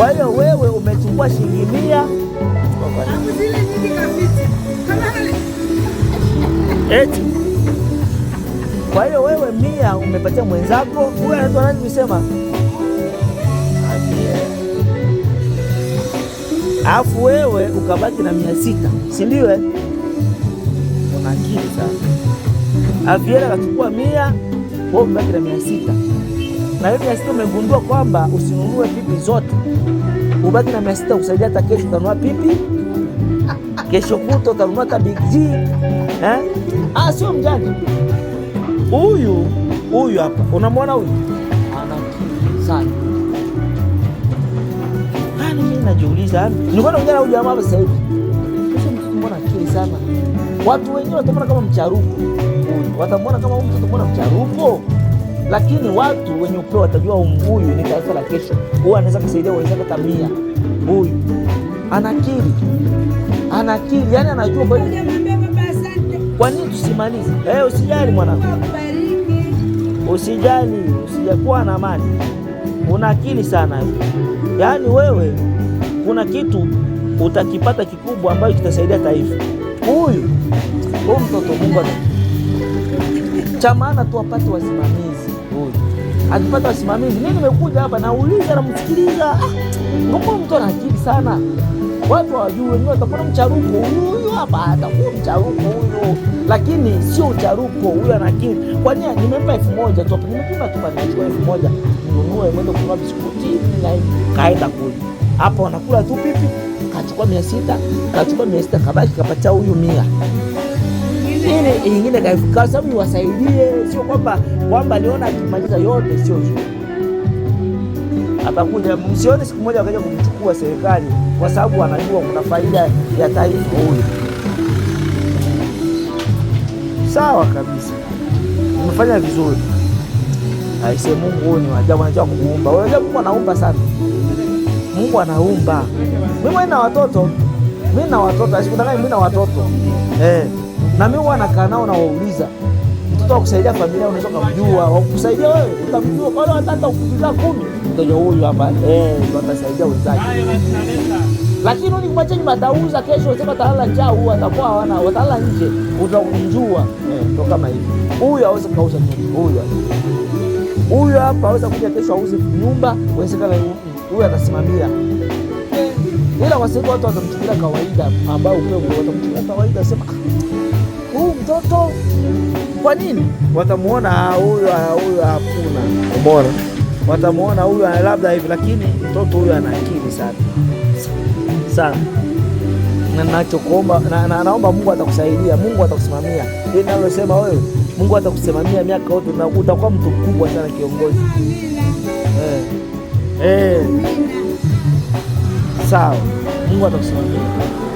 Kwa hiyo wewe umechukua shilingi mia eti, kwa hiyo wewe mia umepatia mwenzako huyo, anaitwa nani? Kusema alafu wewe ukabaki na mia sita, si ndio? Eh? unakili sana. Aviera akachukua mia, wewe umebaki na mia sita na hiyo mia sita umegundua kwamba usinunue pipi zote, ubaki na mia sita kusaidia. Hata kesho utanunua pipi, kesho kuto utanunua kabiji eh? Ah, sio mjanja huyu. Huyu hapa unamwona huyu ana sana ani, mimi najiuliza, yaani nilikuwa naongea na huyu jamaa hapa sasa hivi, mbona akili sana watu wenyewe watamwona kama mcharupo, watamwona kama mtu mcharupo lakini watu wenye upeo watajua umbuyu ni taifa la kesho, Huwa anaweza kusaidia wenzake tamia. huyu anakili anakili, yani anajua. Kwa nini tusimalize? Hey, eh, usijali mwanangu, usijali, usijakuwa na amani, una akili sana. Yaani wewe kuna kitu utakipata kikubwa ambacho kitasaidia taifa. Huyu huyu mtoto Mungu cha maana tuwapate wasimamizi huyu akipata wasimamizi. Mimi nimekuja hapa nauliza, namsikiliza. Ngopo ah, mtu ana akili sana, watu wajue wengine watapona mcharuko, huyu hapa atakuwa mcharuko huyu, lakini sio ucharuko huyu, ana akili. Kwa nini nimempa elfu moja tu? Nimepima tu bana, chukua elfu moja nunue, mwende kununua biskuti na kaenda kule hapo, wanakula tu pipi. Kachukua mia sita, kachukua mia sita, kabaki kapatia huyu mia lakini ingine kaifika sababu iwasaidie, sio kwamba kwamba aliona akimaliza yote, sio zuri. Atakuja, msione siku moja akaja kumchukua serikali kwa sababu anajua kuna faida ya taifa huyu. Sawa kabisa, umefanya vizuri. aise Mungu huyu ni wajabu, anajua kuumba. Unajua Mungu anaumba sana, Mungu anaumba. Mimi na watoto, mimi na watoto, asikudanganye, mimi na watoto eh na mimi huwa nakaa nao na wauliza, mtoto wa kusaidia familia unaweza kumjua, wa kusaidia wewe utamjua, kwa watata hata kumi utajua huyu hapa eh, watasaidia wenzake. Lakini ni kumwacha nyuma, atauza kesho, sema talala njaa, huwa atakuwa hawana, watalala nje, utamjua eh, ndio kama hivi. Huyu hawezi kauza nyumba, huyu huyu hapa aweza kuja kesho auze nyumba, uwezekana huyu atasimamia ila wasiku watu watamchukulia kawaida, ambao ukweli watamchukulia kawaida, sema ah, mtoto. Kwa nini? Watamuona ah, huyu ah, huyu hakuna, umeona, watamuona huyu ah, labda hivi, lakini mtoto huyu ana akili sana sana na nachokuomba na, na, naomba Mungu atakusaidia, Mungu atakusimamia. Hii nalosema wewe, Mungu atakusimamia miaka yote na utakuwa mtu mkubwa sana, kiongozi eh. Eh. Sawa, Mungu atakusimamia.